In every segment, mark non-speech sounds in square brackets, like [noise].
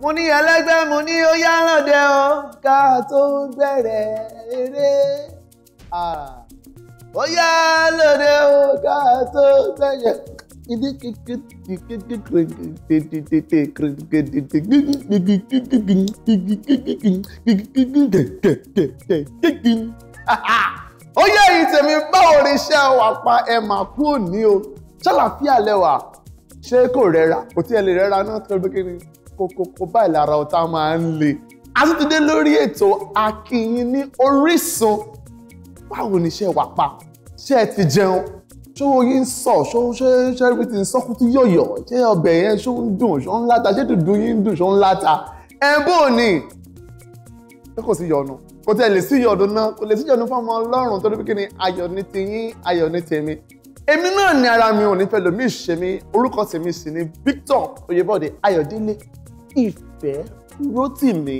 mo ní ẹlẹ́gbẹ́ mo ní ó yá ràndẹ o ká tó bẹ̀rẹ̀ eré ó yá lóde o ká tó bẹ̀rẹ̀ ó yẹ ẹ̀yin tèmi báwo ni iṣẹ́ wà pa ẹ máa kú òní o ṣàlàfíà lẹ́wà ṣé kò rẹra kò tí ẹ lè rẹra náà tó gbé kí ni kókókó báyìí lára ọ̀tá máa ń le àtúntúndé lórí ètò akínyìn ní Orísun báwo ni iṣẹ́ wà pa ṣé ẹ ti jẹun ṣówó yín sọ ṣówó ṣe ṣẹ́rí ti ń sọ́kútú yọ̀yọ̀ ṣé ọbẹ̀ yẹn ṣó ń dùn ṣó ń láta ṣé dùdú yín ń dùn ṣó ń láta ẹ bó ni ṣé kò sí yọnu kò tẹ̀ lè sí yọnu náà kò lè sí yọnu fún ọmọ Ọlọ́run torí pé kí ni ayọ̀ ní ti yín ayọ̀ ní tèmi èmi náà ni ara mi ò ní fẹ́ lòmíì ṣe orúkọ tèmi sì ni Victor Oyèbọ̀dé Ayọ̀délé ìfẹ́ rotimi,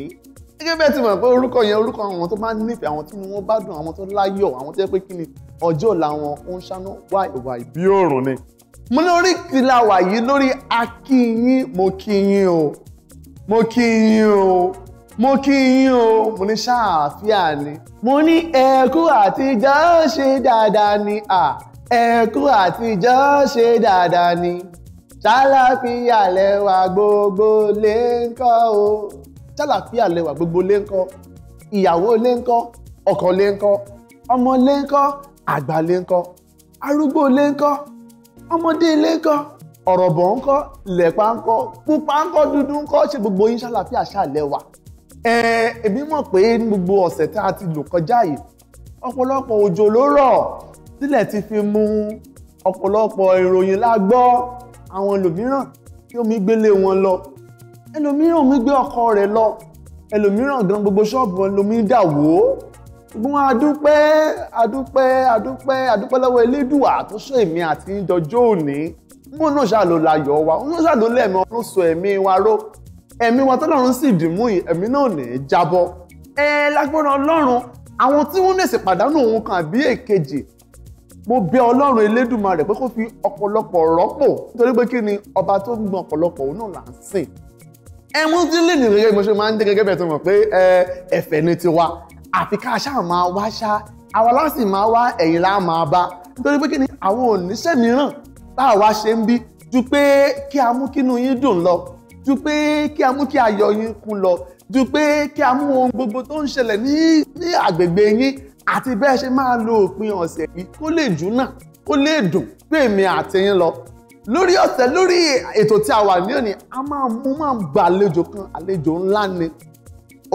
gẹ́gẹ́ bẹ́ẹ̀ ti mọ̀ pé orúkọ yẹn orúkọ àwọn tó máa ń nífẹ̀ẹ́ àwọn tí wọ́n bá dùn àwọn tó láyọ̀ àwọn tó yẹ pé kí ni ọjọ́ ọ̀la wọn ó ń ṣáná wá ìwà ìbí òòrùn ni. mo lórí ìkìláwà yìí lórí akínyín mo kí o mo kí o mo kí o mo ní ṣáàfíà ni. mo ní ẹ̀kú àtijọ́ ṣe dáadáa ni ẹ̀kú àtijọ́ ṣe dáadáa ni ṣàlàfíà lẹwà gbogbo lè ń kọ́ o ṣàlàfíà lẹwà gbogbo lè ń kọ́ ìyàwó lè ń kọ́ ọkọ lè ń kọ́ ọmọ lè ń kọ́ àgbà lè ń kọ́ arúgbó lè ń kọ́ ọmọdé lè ń kọ́ ọ̀rọ̀bọ̀ ń kọ́ lẹ̀pa ń kọ́ pupa ń kọ́ dúdú ń kọ́ ṣe gbogbo yín ṣàlàfíà ṣàlẹwà èmi mọ̀ pé gbogbo ọ̀sẹ̀ tá a ti lò kọjá yìí ọ̀pọ̀lọpọ̀ òjò ló rọ̀ sílẹ̀ ti fi mú ọ̀pọ̀lọpọ̀ ìròyìn àwọn ẹlòmíràn kí omi gbélé wọn lọ ẹlòmíràn omi gbé ọkọ rẹ̀ lọ ẹlòmíràn gan gbogbo ṣọ́ọ̀bù lomi dà wò ó ṣùgbọ́n adúpẹ́ adúpẹ́ adúpẹ́ adúpẹ́ lọ́wọ́ elédùà tó ṣe èmi àti ìjọjọ́ òní wọn náà ṣàlò láyọ̀ wa wọn náà ṣàlò lẹ́ẹ̀mí wọn ló sọ ẹ̀mí wa ró ẹ̀mí wa tọ́lọ́run sì dìmú ẹ̀mí náà ní í jábọ́ ẹ lágbára ọlọ́run àwọn tí wọ́n lè ṣèpàdánù òun kan àbí èkejì mo bẹ ọlọ́run elédùnmarè pé kó fi ọ̀pọ̀lọpọ̀ rọ́pò nítorí pé kí ni ọba tó ń gbọn ọ̀pọ̀lọpọ̀ òun náà là ń sìn ẹ mú sí lè nìyẹn gẹ́gẹ́ bí mo ṣe máa ń dé gẹ́gẹ́ bẹ́ẹ̀ tó mọ̀ pé ẹ̀fẹ̀ ni tiwa àfi ká ṣáà máa wá ṣá àwa láti máa wá ẹ̀yìn lá máa bá nítorí pé kí ni àwọn oníṣẹ́ mìíràn táà wá ṣe ń bí ju pé kí a mú kínú yín dùn lọ ju pé kí a mú kí ayọ̀ yín kún lọ ju pé kí a mú ohun gbogbo tó ń ṣẹlẹ̀ ní àgbègbè yín àti bẹ́ẹ̀ ṣe máa lo òpin ọ̀sẹ̀ yìí kó lè júnà kó lè dùn pé èmi àtẹ̀yìn lọ lórí ọ̀sẹ̀ lórí ètò tí a wà ní òní a máa mú máa gba àlejò kan àlejò ńlá ni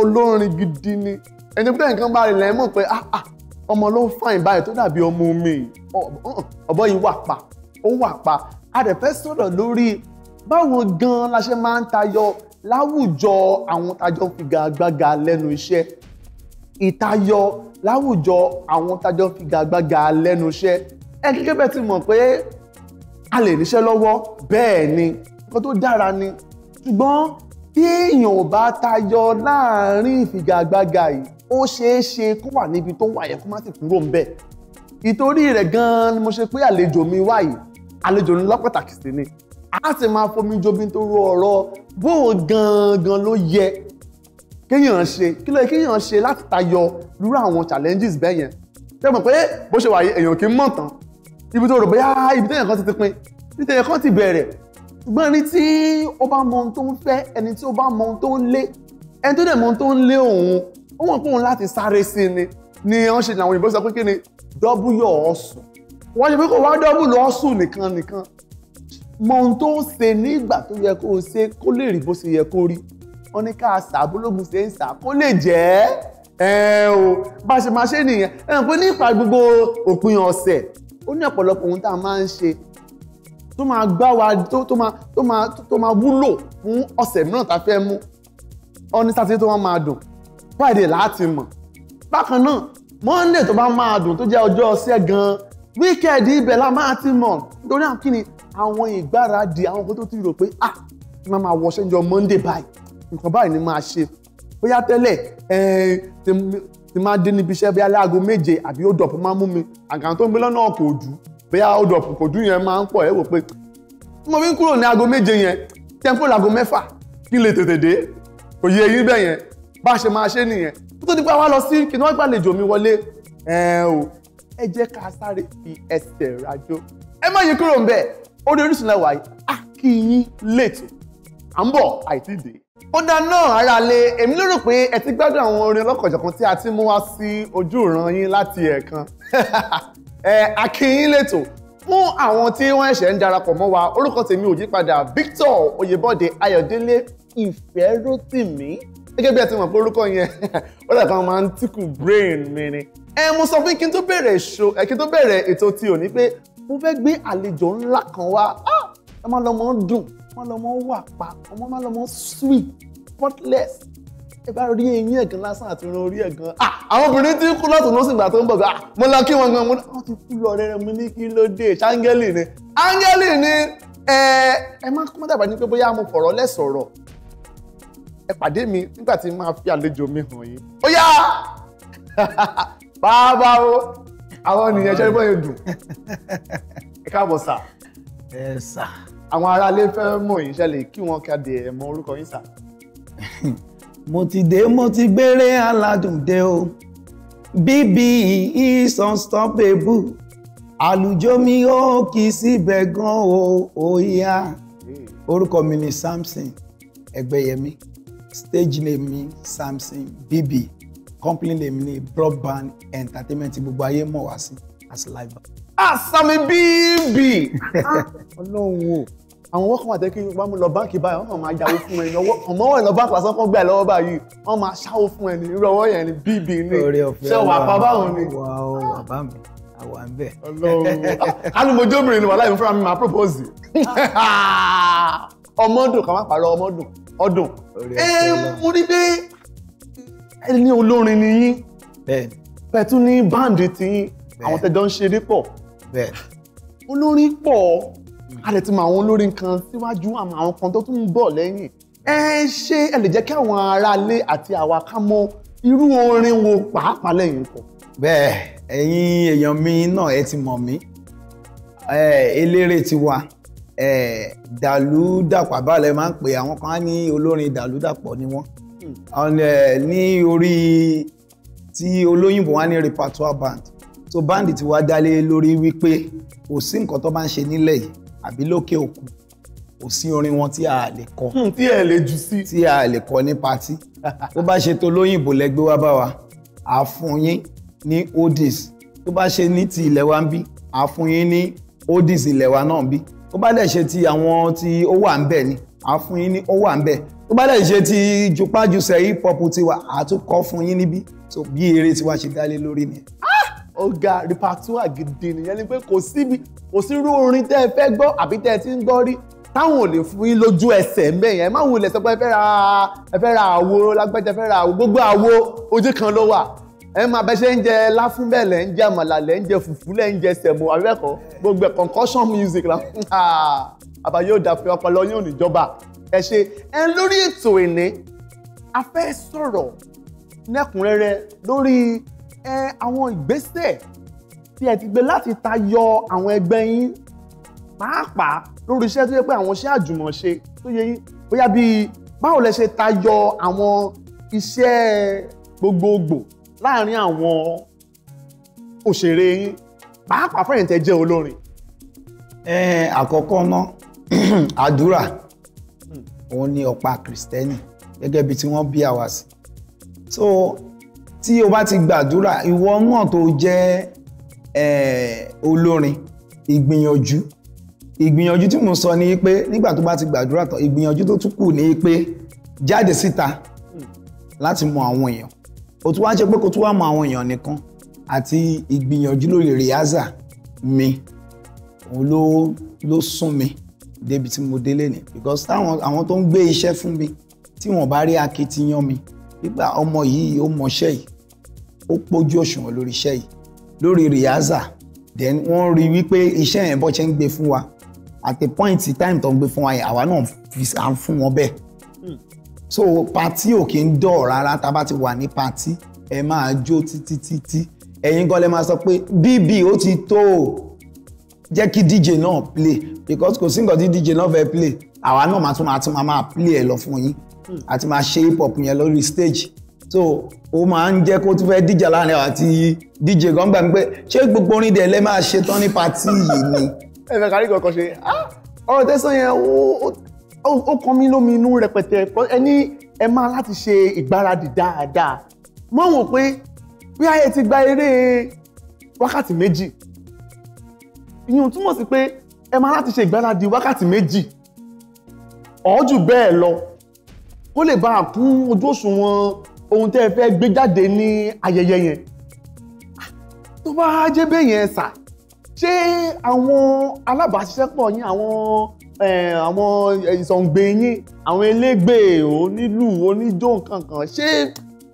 olórin gidi ni ẹni pé nǹkan bá rí lẹ́mọ̀ pé ah, ah, ọmọ ló ń fàìn báyìí tó dàbí ọmọ mi ọ̀bọ yìí wà pa ó wà pa a dẹ̀ fẹ́ sọ̀rọ̀ lórí báwo gan-an la ṣe máa ń tayọ láwùjọ àwọn tajọ fìgàgbága lẹ́nu iṣẹ́ ìtayọ láwùjọ àwọn tájọ figagbága lẹ́nu iṣẹ́ ẹ gẹ́gẹ́ bẹ́ẹ̀ ti mọ̀ pé a lè níṣẹ́ lọ́wọ́ bẹ́ẹ̀ ni nǹkan tó dára ni ṣùgbọ́n bí èèyàn ò bá tayọ láàrin ìfigagbága yìí ó ṣeé ṣe kó wà níbi tó wà yẹn kó má sì kúrò ń bẹ̀ ìtorí rẹ̀ gan-an ni mo ṣe pé àlejò mi wà yìí àlejò ńlá pàtàkì sí ni a sì máa fomi jobi nítorí ọ̀rọ̀ bó gangan ló yẹ kéèyàn ṣe kí ló yẹ kéèyàn ṣe láti tayọ lúrú àwọn challenges bẹ́ẹ̀ yẹn tẹ́ mọ̀ pé bó ṣe wà èèyàn kì í mọ̀ tán ibi tó rò bóyá ibi téèyàn kan ti ti pin ibi téèyàn kan ti bẹ̀rẹ̀ ṣùgbọ́n ẹni tí ó bá mọ ohun tó ń fẹ́ ẹni tí ó bá mọ ohun tó ń lé ẹni tó dẹ̀ mọ ohun tó ń lé òun ó wọ̀n fún òun láti sáré sí ni ni wọ́n ṣe làwọn òyìnbó pé kí ni dọ́bù yọ ọ̀sùn wọ́n ṣe pé kò wá dọ́bù lọ́sùn nìkan nìkan mọ ohun tó ń ṣe nígbà tó yẹ kó ṣe kó lè rí bó ṣe yẹ kó rí wọ́n ní ká sà bólógun ṣe ń sà kó lè jẹ́ ẹ o bá ṣe máa ṣe nìyẹn ẹ mọ̀ pé nípa gbogbo òpin ọ̀sẹ̀ ó ní ọ̀pọ̀lọpọ̀ ohun tá a máa ń ṣe tó máa gbá wa tó máa wúlò fún ọ̀sẹ̀ mìíràn tá a fẹ́ mú ọ́ní sátidé tó máa dùn friday láti mọ̀ bákan náà monday tó bá máa dùn tó jẹ́ ọjọ́ ọ̀sẹ̀ gan-an weekend ibẹ̀ la máa ti mọ̀ nítorí àwọn kí ni àwọn ìgbáradì àwọn kan tó ti rò pé ah máa máa wọṣẹ́ jọ monday báyìí nǹkan báyìí ni máa ṣe bóyá tẹ́lẹ̀ eh, ti máa dé níbi iṣẹ́ bóyá láago méje àbí ó dọ̀pọ̀ máa mú mi àgàn tó ń gbé lọ́nà kò jù bóyá ó dọ̀pọ̀ kò jù yẹn máa ń pọ̀ ẹ́ wò pé mo fi ń kúrò ní aago méje yẹn tẹ́ńpọ̀ laago mẹ́fà kí n lè tètè dé kò yẹ eyín bẹ́ẹ̀ yẹn bá a ṣe máa ṣe nìyẹn tó tó di pé a wá lọ sí kí ni wọ́n gbàlejò mi wọlé ẹ eh, o ẹ jẹ́ ká sáré fi ẹsẹ̀ rajó ẹ má yí kúrò ń bẹ̀ orí Orísun lẹ́wà yìí á kí yín lẹ́tọ̀ ó dá náà ara lé èmi lérò pé ẹ ti gbádùn àwọn orin ọlọ́kọ̀jọ̀kan tí a ti mú wá sí ojú ìran yín láti ẹ̀ẹ̀kan [laughs] ẹ akínyín lètò fún àwọn tí wọ́n ẹ̀ṣẹ̀ ń darapọ̀ mọ́ wa orúkọ tèmi ò yípadà Victor Oyèbọ̀dé Ayọ̀délé Ìfẹ́rótìmí gẹ́gẹ́ bí ẹ ti mọ̀ pé orúkọ yẹn [laughs] ó dàgbà máa ń tìkù brain mi ni ẹ mo sọ fún kí n tó bẹ̀rẹ̀ ṣo ẹ kí n tó bẹ̀rẹ̀ ètò ti òní pé mo fẹ́ gbé àlejò ńlá kan wá ah! ẹ máa lọ́mọ dùn wọ́n lọ́mọ wà pa ọmọ máa lọ́mọ sweet spotless ẹ bá rí eyín ẹ̀gán lásán àti irun orí ẹ̀gán ah, àwọn obìnrin tí kú lọ́tún lọ́sìn ìgbà tó ń bọ̀ gbà ah, mo lọ kí wọn gan mo náà ti kú lọ rẹ́rẹ́ mi ní kí ló dé ṣáńgẹ́lì ni áńgẹ́lì ni ẹ ẹ má kọ́ dàbà ní pé bóyá mo fọ̀rọ̀ lẹ́sọ̀rọ̀ ẹ pàdé mi nígbà tí máa fi àlejò mi hàn yín ó yá [laughs] bàbá o àwọn nìyẹn ṣẹ́ni bọ́yẹn dùn ẹ káàbọ̀ sà. ẹ sà àwọn aráalé fẹ́ mọ̀ yín ṣẹlẹ̀ kí wọ́n kéde ẹ̀ mọ orúkọ yín sà. [laughs] mo ti dé mo ti gbére aládùn o bíbí is unstoppable àlùjọ mi ó kì í síbẹ̀ gan o òyà orúkọ mi ni Samson Ẹgbẹ́yẹmí stage name mi Samson BB company name mi ni broadband entertainment gbogbo ayé mọ̀ wá sí as live. Asami ah, bíbí [laughs] ah, ọlọ́run o àwọn owó kan wà tẹ́kí wọ́n mú lọ báǹkì báyìí wọ́n kàn máa yáwó fún ẹ lọ́wọ́ ọmọ wọn lọ báǹkì lásán kan gbà lọ́wọ́ báyìí wọ́n máa ṣáwó fún ẹ ní irú ọwọ́ yẹn ní bíbí ní ṣé wà pa báwọn ni. wà ó bá mi àwa ń bẹ. alùmọ̀jọ́ [laughs] ọdún. ẹ mo rí pé ẹ ní olórin ni yín bẹ́ẹ̀ tún ní báǹdì tí àwọn tẹjọ ń ṣeré pọ̀ olórin pọ̀ a lè ti mọ àwọn olórin kan síwájú àmọ́ àwọn kan tó tún ń bọ̀ lẹ́yìn ẹ ṣé ẹ lè jẹ́ kí àwọn aráalé àti àwa ká mọ irú orin wo pàápàá lẹ́yìn kọ. bẹ́ẹ̀ ẹ̀yin èèyàn mi náà ẹ ti mọ̀ mí eléré tiwa dàlúdàpọ̀ àbálẹ̀ máa ń pè àwọn kan á ní olórin dàlúdàpọ̀ ni wọ́n hmm. ní orí tí olóyìnbó wá ní repertoire band tó báǹdì tiwa dálé lórí wípé kò sí nǹkan tó bá ń ṣe nílẹ̀ yìí àbí lókè òkun kò sí orin wọn tí a lè kọ. Hmm, tí ẹ lè jù sí. tí a lè kọ ní patí tó bá ṣe tó lóyìnbó lẹgbẹ́ wá bá wa a fún yín ní oldies tó bá ṣe ní ti ilẹ̀ wa ń bí a fún yín ní oldies ilẹ̀ wa náà ń bí tó bá dẹ̀ ṣe ti àwọn tí ó wà ń bẹ̀ ni a fún yín ní ó wà ń bẹ̀ tó bá dẹ̀ ṣe ti jupájusẹ̀ hip hop tiwa a fún yín níbí so bí eré tiwa ṣe dálé lórí nìyẹn ọ̀gá repertoire gidi nìyẹn ni pé kò síbi kò sí irú orin tẹ́ ẹ fẹ́ gbọ́ àbí tẹ́ ẹ ti ń gbọ́ rí táwọn ò lè fún yín lójú ẹsẹ̀ ń bẹ̀ yẹn má wulẹ̀ sọ pé ẹ fẹ́ ra ẹ fẹ́ ra àwo lágbájá fẹ́ ra àwo gbogbo àwo ojú kan ló wà ẹ máa bẹ ṣe ń jẹ láfún bẹ́ẹ̀ lẹ́ ń jẹ àmàlà lẹ́ ń jẹ fùfú lẹ́ ń jẹ sẹ̀mó abẹ́kọ̀ gbogbo ẹ̀ concussion music la fún ha àbá yóò dà fún ọpọlọ yóò níjọba ẹ ṣe ẹ lórí ètò ìní a fẹ́ sọ̀rọ̀ lẹ́kùnrẹ́rẹ́ lórí ẹ àwọn ìgbésẹ̀ tí ẹ ti gbé láti tayọ àwọn ẹgbẹ́ yín pàápàá lórí iṣẹ́ tó yẹ pé àwọn iṣẹ́ àjùmọ̀ṣe tó yẹ yín bóyá bíi báwo lẹ ṣe tayọ àwọn iṣẹ́ gbogbogbò láàárín àwọn òṣèré yín pàápàá fẹ́yìn tẹ́ jẹ́ olórin. ẹ àkọ́kọ́ ná [clears throat] àdúrà hmm. òun ni ọ̀pá kìrìsìtẹ́nì gẹ́gẹ́ bí tí wọ́n bí àwa sí so tí o bá ti gbàdúrà ìwọ náà tó jẹ́ olórin ìgbìyànjú ìgbìyànjú tí mo sọ ni pé nígbà tó bá ti gbàdúrà tán ìgbìyànjú tó tún kù ni pé jáde síta láti mọ àwọn èèyàn o tún wá ṣe pé kó tún wá mọ àwọn èèyàn nìkan àti ìgbìyànjú lórí rìhásà mi òun ló ló sún mi débi tí mo délé ni because táwọn àwọn tó ń gbé iṣẹ́ fún mi tí wọ́n bá rí akitiyan mi nígbà ọmọ yìí ó mọṣẹ́ yìí ó pójú òṣùwọ̀n lórí iṣẹ́ yìí lórí rìhásà then wọ́n rí wípé iṣẹ́ yẹn bọ́ ṣe ń gbé fún wa at the point time tó ń gbé fún wa yẹn àwa náà fi à ń fún wọn bẹ́ẹ̀ hmm. so pati ò kí ń dọ̀ rárá tá a bá ti wà ní pati ẹ máa jó títí títí ẹ̀yin gan lẹ máa sọ pé bíbí ó ti tó o jẹ́ kí dj náà play because kò sí nǹkan tí dj náà fẹ́ play àwa náà máa tún máa tún máa play ẹ̀ lọ fún yín àti hmm. máa ṣe hip hop yẹn lórí stage so O, máa ń jẹ́ kó tún fẹ́ díjà láàrin àti díje gan gbà mí pé ṣé gbogbo orin dẹ̀ lẹ́ máa ṣe tán ní patí yìí ni. ẹ fẹ́ kárí kankan ṣe ah, ọ̀rọ̀ tẹ́sán yẹn ó kàn mí lómi inú rẹpẹtẹ ẹni ẹ máa láti ṣe ìgbáradì dáadáa mọ̀ wọ́n pé bí ayé ti gba eré wákàtí méjì ìyẹn ò túmọ̀ sí pé ẹ máa láti ṣe ìgbáradì wákàtí méjì ọ̀ọ́jù bẹ́ẹ̀ lọ kó lè bá a kún ojú òṣùwọ̀n ohun tẹ́ ẹ fẹ́ gbé jáde ní ayẹyẹ yẹn tó bá jẹ́ bẹ́ẹ̀ yẹn sà ṣé àwọn alábàáṣiṣẹ́pọ̀ yín àwọn àwọn ìsọ̀ǹgbè yín àwọn elégbè onílù oníjó nǹkankan ṣé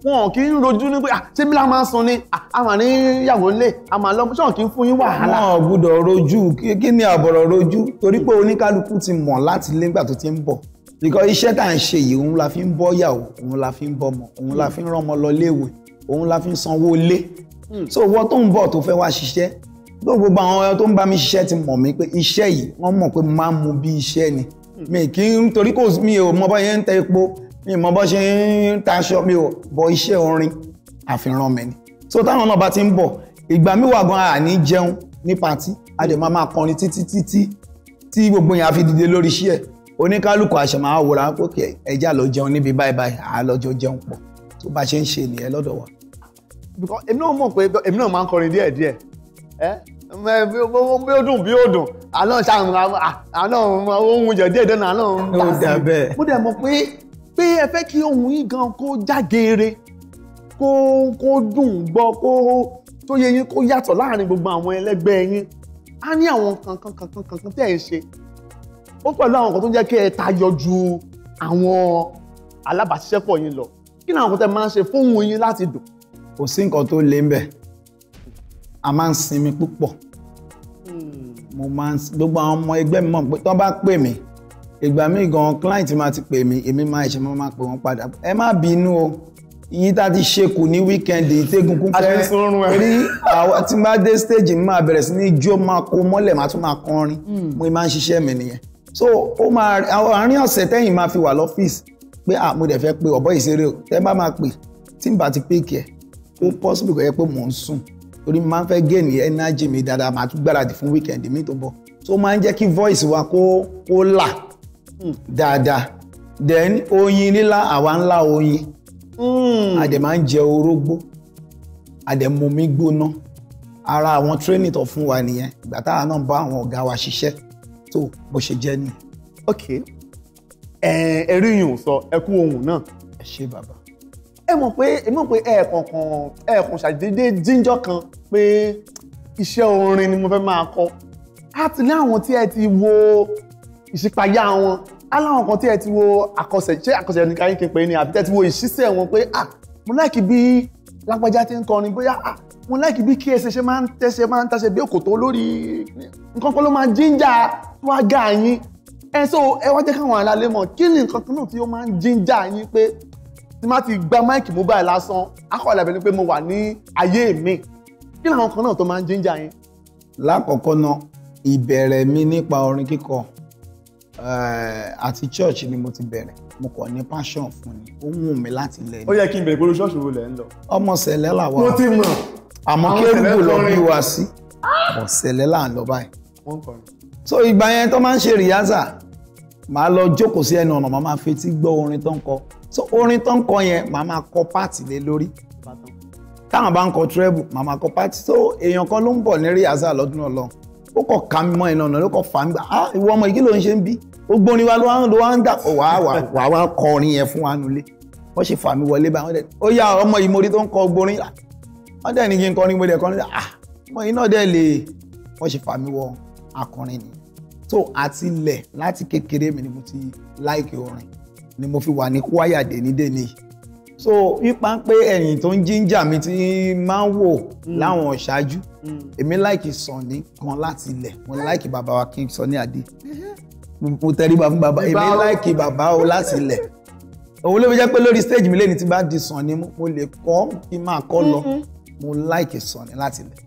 wọn kì í rojú ní pé ṣé bí la máa sùn ni a máa ní ìyàwó lé a máa lọ ṣọ́ọ̀n kì í fún yín wàhálà. wọn ò gbúdọ̀ rojú kí ni àbọ̀rọ̀ rojú torí pé oníkálukú ti mọ̀ láti lé nígbà tó ti ń bọ̀ because iṣẹ́ tá à ń ṣe yìí òun la fi ń bọ́ yàwó òun la fi ń bọ́mọ òun la fi ń rán ọmọ lọ léèwé òun la fi ń sanwó lé hmm. so owó tó ń bọ̀ tó fẹ́ wá ṣiṣẹ́ tó gbogbo àwọn ọyọ tó ń bá mi ṣiṣẹ́ ti mọ̀ mí pé iṣẹ́ yìí wọ́n mọ̀ pé máa ń mu bí iṣẹ́ ni hmm. mi kì í torí kò mi ò mọ bọ́ yẹn ń tẹ epo mi ò mọ bọ́ ṣe ń taṣọ mi ò bọ iṣẹ́ orin àfihàn mi ni so táwọn náà bá ti ń bọ̀ ìgbà mi wà gan àní jẹun ní patí a dẹ̀ máa máa kọrin títí títí tí gbogbo yẹn á fi dìde lórí iṣẹ́ oníkálukú àṣàmà àwòrán pé ẹja lọ jẹun níbi báyìí báyìí àlọ́jọ jẹun pọ̀ tó bá ṣe ń ṣe nìyẹn lọ́dọ̀ wa. èmi náà mọ̀ pé èmi náà máa ń kọrin díẹ̀ díẹ̀ bí ó dùn bí ó dùn àná ṣàrùn àná ohun jẹ díẹ̀ díẹ̀ náà àná ń dà sí mo dẹ̀ mọ̀ pé pé ẹ fẹ́ kí ohun yìí gan kó jágeere kó kó dùn gbọ́ kó tó yẹ yín kó yàtọ̀ láàrin gbogbo àwọn ẹlẹgbẹ́ yín á ní àwọn kankan kankan kankan tẹ̀ ń ṣe ó pẹ̀lú àwọn nǹkan tó ń jẹ́ kí ẹ tayọ ju àwọn alábàáṣiṣẹ́pọ̀ yín lọ kí ni àwọn nǹkan tẹ́ máa ń ṣe fóun yín láti dùn. kò sí nǹkan tó le ń bẹ̀ a máa ń sinmi púpọ̀ hmm. mo máa ń gbogbo àwọn ọmọ ẹgbẹ́ mi mọ̀ pé tó bá pè mí ìgbà míì gan client máa ti pè mí èmi máa ṣe máa pè wọ́n padà ẹ má bínú o yìí tá a ti ṣe kù ní wíkẹ́ndì ìtẹ́gùn fẹ́ rí àwọn tí n bá dé stage mi máa bẹ̀rẹ̀ sí ní jó máa kó mọ́lẹ̀ máa tún máa kọrin hmm. mo máa ń ṣiṣẹ́ mi nìyẹn so ó máa àárín ọ̀sẹ̀ tẹ́yìn máa fi wà lọ́fíìsì pé à mo dẹ̀ fẹ́ pe ọ̀bọ ìṣeré o tẹ́ bá máa pè tí n bá ti pè kí ẹ ó possible kò yẹ pé mò ń sùn torí máa ń fẹ́ gain energy mi dáadáa màá tún gbáradì fún weekend mi tó bọ̀ so máa ń jẹ́ kí voice wa kó kó là hmm, dáadáa then oyin lílá àwa ńlá oyin hmm. a dẹ̀ máa ń jẹ orógbó a dẹ̀ mú gbóná ara àwọn training tó fún wa nìyẹn ìgbà táwa náà bá àwọn ọ̀gá wa ṣiṣẹ́ tó bó ṣe jẹ́ ni. ok ẹ̀rí yìí ò sọ ẹ kú ohun náà. ẹ ṣe bàbá. ẹ mọ̀ pé ẹ mọ̀ pé ẹ̀ẹ̀kọ̀ọ̀kan ẹ̀ẹ̀kan ṣàdédé jíjọ́ kan pé iṣẹ́ orin ni mo fẹ́ máa kọ á ti ní àwọn tí ẹ ti wo ìṣípayá wọn á láwọn kan tí ẹ ti wo àkọsẹ̀ ṣé àkọsẹ̀ ní káyín kí n pè é ní àbí tẹ́ ti wo ìṣísẹ̀ wọn pé à mo láìkí bí lágbájá ti ń kọrin bóyá à mo láìkí bí kí ẹsẹ̀ ṣe máa ń tẹ́sẹ̀ máa ń tàṣẹ bí òkòtó lórí nǹkan kan ló máa jíńjà tó á ga yín ẹ so ẹ wá jẹ́ káwọn alalé mọ̀ kí ni nǹkan kan náà tí ó máa ń jíńjà yín pé tí má ti gba máìkì mobile lásán akọ̀ọ̀lẹ̀ bẹ́ẹ̀ ni pé mo wà ní ayé mi kí làwọn kan náà tó máa ń jíńjà yín. lákọ̀ọ́kọ́ náà ìbẹ̀rẹ̀ mi nípa orin kíkọ eh, àti church ni mo ti bẹ̀rẹ̀ mo kàn ní passion fún ni ó wù mí láti lẹ́nu. ó yẹ kí n bèrè pé olú wo lẹ́ ń lọ. ọmọ sẹ̀lẹ́ làwọn. mo ti mọ̀ àmọ́ kérúbù lọ bí wa sí ọ̀sẹ̀lẹ̀ là ń lọ báyìí. so ìgbà yẹn tó máa ń ṣe rìhásà màá lọ jókòó sí ẹnu ọ̀nà màá máa fetí gbọ́ orin tó ń kọ so orin tó ń kọ yẹn màá máa kọ páàtì lé lórí táwọn bá ń kọ tírẹ́bù màá máa kọ páàtì so èèyàn kan ló ń bọ̀ ní rìhásà lọ́dún ọlọ́run ó kọ̀ ká mímọ́ iná ọ̀nà ló kọ̀ fà ń gbà á ah, ìwọ ọmọ ìkí ló ń ṣe ń bí gbogbo orin wa ló wá ń dà wà wà wà kọ orin yẹn fún wa nulẹ̀ wọ́n ṣe fà mí wọlé báyìí wọ́n dẹ̀ ó yá ọmọ ìmọ̀rí tó ń kọ gbogbo wọ́n dẹ̀ ní kí n kọrin gbọ́dẹ̀ kọrin ah mo iná dẹ̀ lè wọ́n ṣe fà mí wọ akọrin ni so àti ilẹ̀ láti kékeré mi ni mo ti láìkì orin ni mo fi wà ní kwaya dèní dèní so ipa ń pé ẹ̀yìn tó ń jíjà mi ti máa ń wò hmm. láwọn ṣáájú hmm. èmi láìkì Sunny kan láti ilẹ̀ mo láìkì bàbá wa King Sunny Adé mo tẹríba fún bàbá èmi láìkì bàbá o láti ilẹ̀ òun ló fi jẹ́ pé lórí stage mi lẹ́ni tí bá di Sunny mo lè kọ́ kí n máa kọ́ lọ hmm, mo like Sunny láti lẹ̀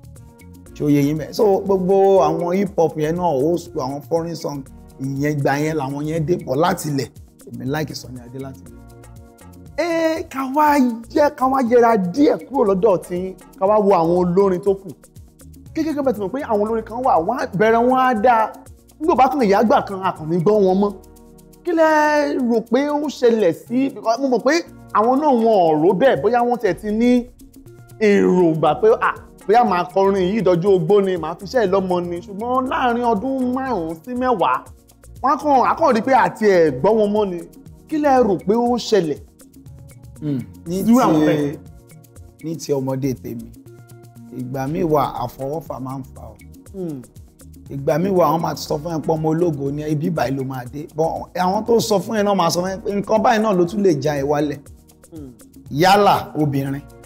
ṣé ó yẹ yín bẹ́ẹ̀ so gbogbo àwọn hip hop yẹn náà old school àwọn foreign song ìyẹn gbà yẹn làwọn yẹn dé pọ̀ láti lẹ̀ èmi like Sunny Adé láti lẹ̀. ẹ ká wá jẹ́ ká wá yẹra díẹ̀ kúrò lọ́dọ̀ tí ká wá wo àwọn olórin tó kù kékeré bẹ́ẹ̀ ti mọ̀ pé àwọn olórin kan wà wọ́n bẹ̀rẹ̀ wọn á dáa nígbà bá kàn ìyá àgbà kan akànnì gbọ́ wọn mọ́ kí lẹ rò pé ó ṣẹlẹ̀ sí mo mọ̀ pé àwọn náà wọn ò rò bẹ́ẹ̀ bóyá wọ́n tẹ̀ ti ní èròǹgbà pé à bóyá màá kọrin yìí dọjú ogbó ni màá fi iṣẹ́ ìlọ́mọ ni ṣùgbọ́n láàrin ọdún márùn-ún sí mẹ́wàá wọn kàn akọ́ rí pé àti ẹ̀ gbọ́ wọn mọ́ ni kí lẹ rò pé ó ṣẹlẹ̀ hmm, ní ti ọmọdé tèmi ìgbà míì wà àfọwọ́fà máa ń fa ọ hmm. ìgbà míì wà àwọn máa sọ fún ẹ pé ọmọ ológo ni ibi báyìí ló máa dé bọ àwọn tó sọ fún ẹ náà máa sọ fún ẹ pé nǹkan báyìí náà ló tún lè ja ẹ wálẹ̀ hmm. yálà obìnrin. Mm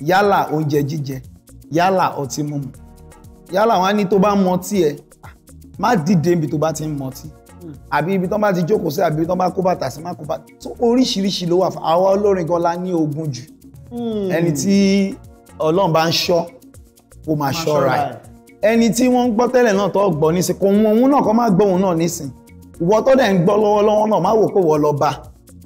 yálà oúnjẹ jíjẹ yálà ọtí mímu yálà wọn á ní tó bá mọ ọtí ẹ ah, má dìde ibi tó bá ti ń mọ ọtí hmm. àbí ibi tó bá ti jókòó sí àbí ibi tó bá kó bàtà sí má kó bàtà tó oríṣiríṣi ló wà fún àwa olórin gan la ní ogun jù hmm. ẹni tí ọlọ́run bá ń ṣọ́ kó máa ṣọ́ra ẹ̀ ẹni tí wọ́n ń gbọ́ tẹ́lẹ̀ náà tó gbọ́ nísìn kò wọn òun náà kó má gbọ́ òun náà nísìn ìwọ tó dẹ̀ ń gbọ́ lọ́wọ́lọ́wọ́ náà má wò pé wọ́n lọ bá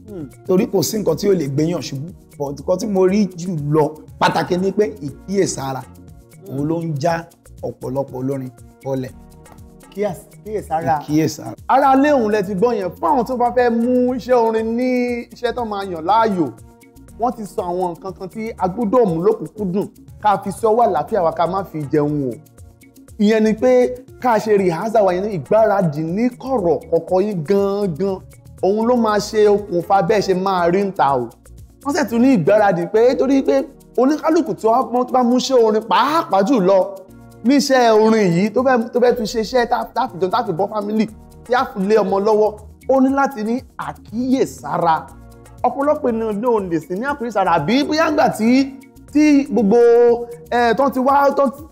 hmm. torí kò sí nǹkan tí ó lè gbéyàn ṣubú but nǹkan tí mo rí jù lọ pàtàkì ni pé ìkíyèsára hmm. òun ló ń já ọ̀pọ̀lọpọ̀ olórin bọ́lẹ̀ kíyèsára kíyèsára. ara lé òun lẹ ti gbọ́ yẹn fún àwọn tó bá fẹ́ mú iṣẹ́ orin ní iṣẹ́ tó máa yàn láàyò wọ́n ti sọ àwọn nǹkan kan tí a gbọ́dọ̀ mú lókùnkúndùn ká fi sọ́wọ́ àlàáfíà wa ká má fi jẹun o ìyẹn ni pé ká ṣe rìhásà wa yẹn ní ìgbáradì ní kọ̀rọ̀ kọ̀kọ̀ yín gangan òun ló máa ṣe okùnfà bẹ́ẹ̀ ṣe máa rí ń ta o wọ́n sì tún ní ìgbáradì pé torí pé oníkálukú tí wọ́n bá mú iṣẹ́ orin pàápàá jù lọ níṣẹ́ orin yìí tó fẹ́ fi ṣe iṣẹ́ táfìjọ táfì bọ́ fámílì tí a fi lé ọmọ lọ́wọ́ ó ní láti ní àkíyèsára ọ̀pọ̀lọpọ̀ ènìyàn ní òun lè sí ní àkíyèsára àbí bóyá ńgbà tí tí gbogbo tó ti wá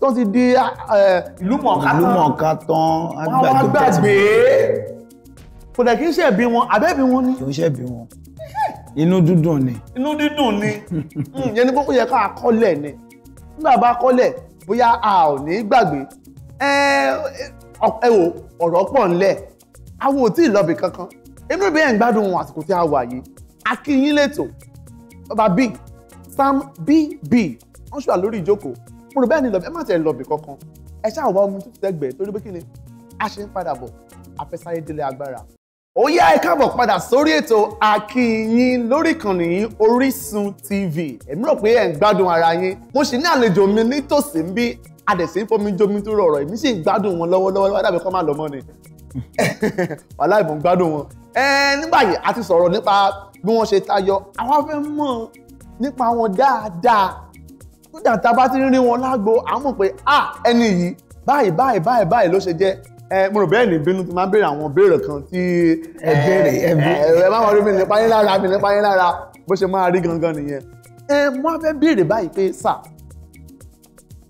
tó ti di ìlú mọ̀ọ́ká tán wọ́n wá gbàgbé kò dẹ̀ kí ń ṣẹ̀bi wọn àbẹ́bí wọn ni. kì í ṣẹ̀bi wọn inú dídùn ni. inú dídùn ni [laughs] hmm, yẹn ni kókó yẹ ká kọ́lẹ̀ ni nígbà bá kọ́lẹ̀ bóyá a ò ní gbàgbé ẹ ẹ wò ọ̀rọ̀ pọ̀ ńlẹ̀ àwọn ò tí ì lọ́bì kankan inú ìbí ẹ̀ ń gbádùn àsìkò tí a wà yìí akínyín lẹ́tọ̀ bàbá b sam B, bb wọ́n ṣùgbọ́n lórí ìjókòó mo rò bẹ́ẹ̀ ni lọ́bì ẹ má tẹ̀ lọ́bì kankan ẹ ṣáà wá omi tútù tẹ́gbẹ̀ẹ́ torí pé kí ni a ṣe ń padà bọ̀ afẹ́sáré délé agbára ó yá ẹ káàbọ̀ padà sórí ètò akínyìn lórí ìkànnì yìí Orísun TV èmi rò pé ẹ̀ ń gbádùn ara yín mo sì ní àlejò mi nítòsí ń bí adẹ̀sí ń fomi jomi tó rọrọ̀ èmi sì ń gbádùn wọn lọ́wọ́lọ́wọ́ dàbí kọ́ máa lọ mọ́ ni [laughs] wàhálà ìmọ̀ ń gbádùn wọn. ẹ nígbà yìí a ti sọ̀rọ̀ nípa bí wọ́n ṣe tayọ àwa fẹ́ mọ̀ nípa wọn dáadáa nígbà tá a bá ti rí wọn lágbo à ń mọ̀ pé ah ẹni yìí báyìí báyìí báyìí báyìí ló ṣe jẹ́ mo rò bẹ́ẹ̀ ní bínú ti máa béèrè àwọn béèrè kan tí ẹ béèrè ẹ béèrè ẹ má wọlé mi nípa yín lára mi nípa yín lára bó ṣe máa rí gangan nìyẹn. ẹ mo á fẹ́ béèrè báyìí pé sà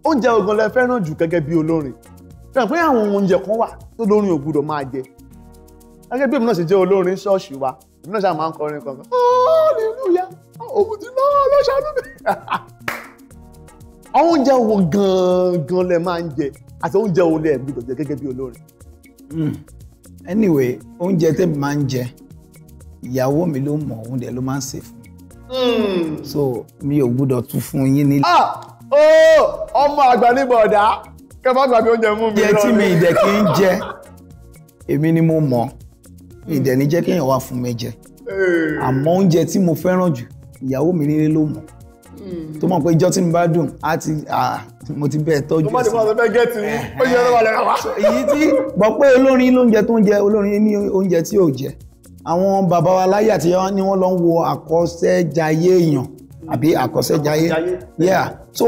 oúnjẹ ogun lẹ fẹ́ràn jù gẹ́gẹ́ bí olórin fẹ́ràn pé àwọn oúnjẹ kan wà tó lórin ò gbọ́dọ̀ máa jẹ gẹ́gẹ́ bí èmi náà ṣe jẹ́ olórin ṣọ́ọ̀ṣì wa èmi náà ṣáà máa ń kọrin kankan hallelujah òun ti lọ́wọ́ lọ́ṣàánú mi. [laughs] àwọn oúnjẹ wo gan lẹ máa ń jẹ àti oúnjẹ olè ẹ̀ gbọdọ̀ jẹ gẹ́gẹ́ bí olórin. Hmm. anyway oúnjẹ tẹ́ mi máa ń jẹ ìyàwó mi ló mọ̀ oúnjẹ ló máa ń sè fún hmm. so mi ò gbọdọ̀ tún fún yín nílé. Ah! ọmọ àgbà ní bọ̀dá kẹfà gbàgbé oúnjẹ mú mi lọ. jẹ tí mi ìdẹ̀ kì í jẹ èmi ni mo mọ̀ ìdẹ̀ hmm. ní jẹ́ kéèyàn wá fún mi jẹ àmọ́ oúnjẹ tí mo fẹ́ràn jù ìyàwó mi nílé ló mọ̀ tó mọ̀ pé ìjọ́ tí mo bá dùn á ti mo ti bẹ́ẹ̀ tọ́jú ẹ̀sìn. mo máa ní fọ́nà bẹ́ẹ̀ gẹ́ẹ̀tì ní oúnjẹ ló wà lẹ́wà. èyí tí gbọ́ pé olórin lóúnjẹ tó ń jẹ olórin ní oúnjẹ tí ò jẹ àwọn bàbá wa láyé àti ni wọ́n lọ ń wo àkọsẹ́jayé èèyàn àbí àkọsẹ́jayé so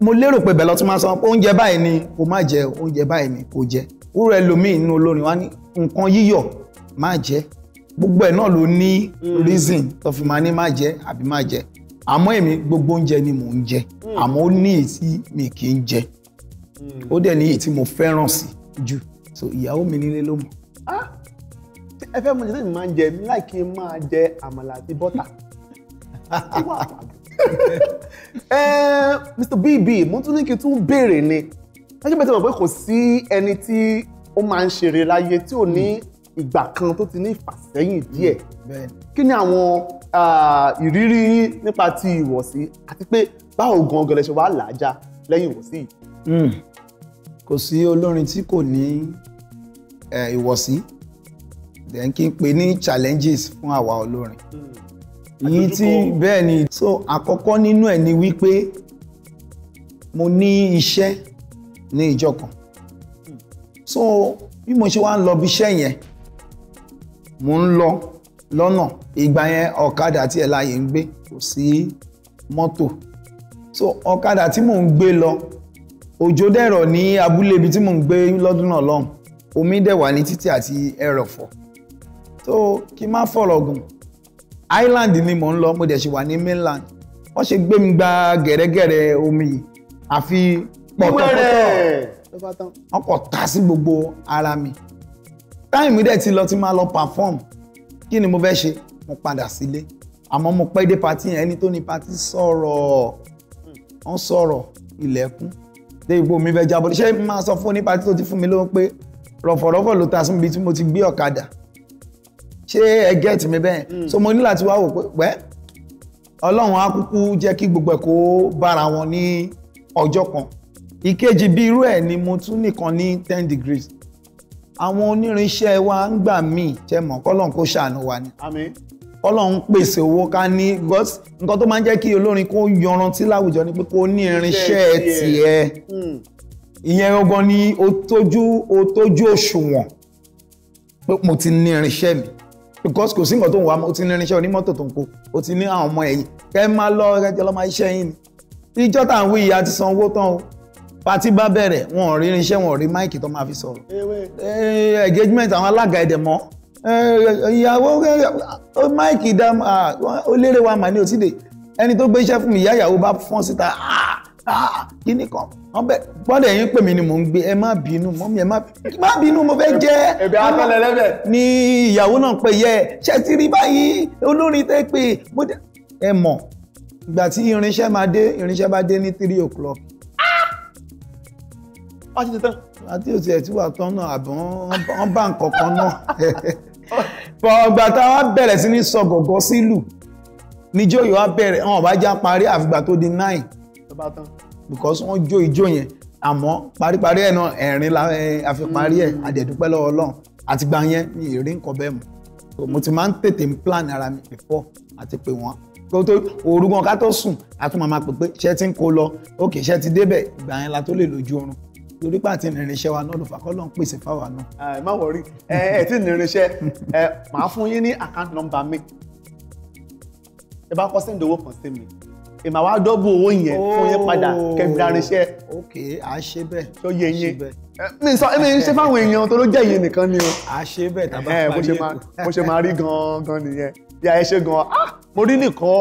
mo lérò pé bẹ̀lọ́ tún máa sọ pé oúnjẹ báyìí ni kò má jẹ oúnjẹ báyìí ni kò jẹ wúrọ̀ ẹlòmíì nínú olórin wa ní nǹkan yíyọ̀ má jẹ gbogbo ẹ̀ náà ló ní hmm. reason tó fi máa ní má jẹ àbí má jẹ àmọ́ èmi gbogbo oúnjẹ ni mò ń jẹ hmm. àmọ́ ó ní èyí tí mi kì í jẹ hmm. ó dẹ̀ ní èyí tí mo fẹ́ràn sí jù so ìyàwó mi nílé ló mọ̀. Ah! ẹ fẹ́ mo jẹ́ sẹ́yìn máa ń jẹ mi láì kí n máa jẹ àmàlà àti bọ́tà. [laughs] Eh, Mr BB mo tún ní kí n tún béèrè ni ẹ jẹ́ bẹ́ẹ̀ tí mo mọ̀ pé kò sí ẹni tí ó máa ń ṣeré láyé tí ò ní hmm ìgbà kan tó ti ní ìfàsẹ́yìn mm, díẹ̀ kí ni àwọn ìrírí yín nípa ti ìwọ̀sí àti pé báwo gan-an lẹ ṣe wá làájá lẹ́yìn ìwọ̀sí yìí. Hmm. kò sí olórin tí kò ní ìwọ̀sí then kí n pè ní challenges fún àwa olórin hmm. yìí tí bẹ́ẹ̀ ni so àkọ́kọ́ nínú ẹ̀ ni wípé mo ní iṣẹ́ ní ìjọ kan hmm. so bí mo ṣe wá ń lọ bí iṣẹ́ yẹn mò ń lọ lọ́nà ìgbà yẹn ọ̀kadà tí ẹ̀ láàyè ń gbé kò sí mọ́tò so ọ̀kadà tí mò ń gbé lọ òjò dẹ̀rọ̀ ní abúlé ibi tí mò ń gbé lọ́dún náà lọ́hùn omi dẹ̀ wà ní títì àti ẹrọ̀fọ̀ so kí n má fọ̀rọ̀ gùn island ni mò ń lọ mo dẹ̀ ṣì wà ní mainland wọ́n ṣe gbé mi gba gẹ̀rẹ́gẹ̀rẹ́ omi yìí àfi pọ̀tọ̀pọ̀tọ̀ wọ́n kọ̀ ta sí gbogbo ara mi táìmù dẹ̀ ti lọ ti máa lọ perform kí ni mo fẹ́ ṣe mo padà sílé àmọ́ mo pẹ́ dé patí yẹn ẹni tó ní patí sọ̀rọ̀ wọ́n sọ̀rọ̀ ilẹ̀kùn dé ipò mi fẹ́ jábọ́ ṣé máa sọ fún onípatí tó ti fún mi lóhùn pé rọ̀fọ̀rọ̀fọ̀ ló ta sí ibi tí mo ti gbé ọ̀kadà ṣé ẹ gẹ́ẹ̀tì mi bẹ́ẹ̀ hmm. so mo ní láti wá wò pé wẹ́ ọlọ́run á kúkú jẹ́ kí gbogbo ẹ̀ kó bára wọn ní ọjọ́ kan ìkejì bí irú ẹ̀ ni mo tún nìkan ní ten degrees àwọn onírinṣẹ́ wa ń gbà míì tẹ mọ̀ kọ́lọ́n kó ṣàánú wa ni. àmín. kọ́lọ́n ń pèsè owó ká ní nǹkan tó máa ń jẹ́ kí olórin kó yanrantí láwùjọ ni pé kó ní irinṣẹ́ tiẹ̀ hmm. ìyẹn gangan ni ó tójú ó tójú òṣùwọ̀n pé mo ti ní irinṣẹ́ mi because kò sí nǹkan tó ń wá mo ti ní irinṣẹ́ onímọ́tò tó ń kó o ti ní àwọn ọmọ ẹ̀yìn kẹ́ máa lọ ẹjọ́ lọ́mọ iṣẹ́ yín ni ìjọ́ tá ìyá ti san owó tán o pati bá bẹ̀rẹ̀ wọn ò rí irinṣẹ́ wọn ò rí máìkì tó máa fi sọ̀rọ̀ eh, engagement àwọn alága ẹ̀dẹ̀ mọ́ eh, ìyàwó eh, máìkì dá ah, ó lérè wa mà ní òtídè ẹni tó gbé iṣẹ́ fún mi ìyá ìyàwó bá fọ́n síta ah, ah, kí ni kan wọn bẹ bọ́dẹ̀ yín pè mí ni mò ń gbé ẹ má bínú mọ́mí ẹ má bínú mo fẹ́ jẹ́ ẹ̀bẹ̀ akọ́lẹ̀ lẹ́bẹ̀ ni ìyàwó náà pè yẹ ṣe ti rí báyìí olórin tẹ́ pé ẹ mọ̀ ìgbà tí irinṣẹ́ máa dé irinṣẹ́ bá dé ní three o'clock wọ́n ti tán àti òsì ẹ̀ tí wà tán náà àbọ̀ wọ́n bá nǹkan kan náà [laughs] ọgbà táwa bẹ̀rẹ̀ sí ní sọ gọ̀gọ́ sílù níjó yìí wá bẹ̀rẹ̀ wọn ò bá já parí àfìgbà tó di nine tó bá tán because wọ́n jó ijó yẹn àmọ́ paríparí ẹ̀ náà ẹ̀rín la àfi parí ẹ̀ àdẹ̀dúpẹ́ lọ́wọ́ Ọlọ́run àtìgbà yẹn mi ì rí nǹkan bẹ́ẹ̀ mọ́ mo ti máa ń tètè ń plan ara mi before àti pé wọ́n kó tó òru ká tó sùn a tún máa máa pè pé ṣé ti ń kó lọ òkè ṣé ti débẹ̀ ìgbà yẹn la tó lè lójú oorun torí pé àti irinṣẹ́ wa náà ló fà kọ́ ló ń pèsè fáwa náà. ẹ má wọrí ẹ ẹ tí irinṣẹ́ ẹ màá fún yín ní account number mi ẹ bá kọ sí ìdòwò kan sí mi ìmọ̀ àwa dọ́bù owó yẹn fún yẹn padà kẹfìlà irinṣẹ́. ok a ṣe bẹ́ẹ̀ tó yẹ yín mi sọ ẹ mi ń ṣe fáwọn èèyàn tó ló jẹ́ yín nìkan ni o. a ṣe bẹ́ẹ̀ tàbá parí èkó bó ṣe máa rí gan-an nìyẹn bí a ṣe gan-an ah, mo rí nìkan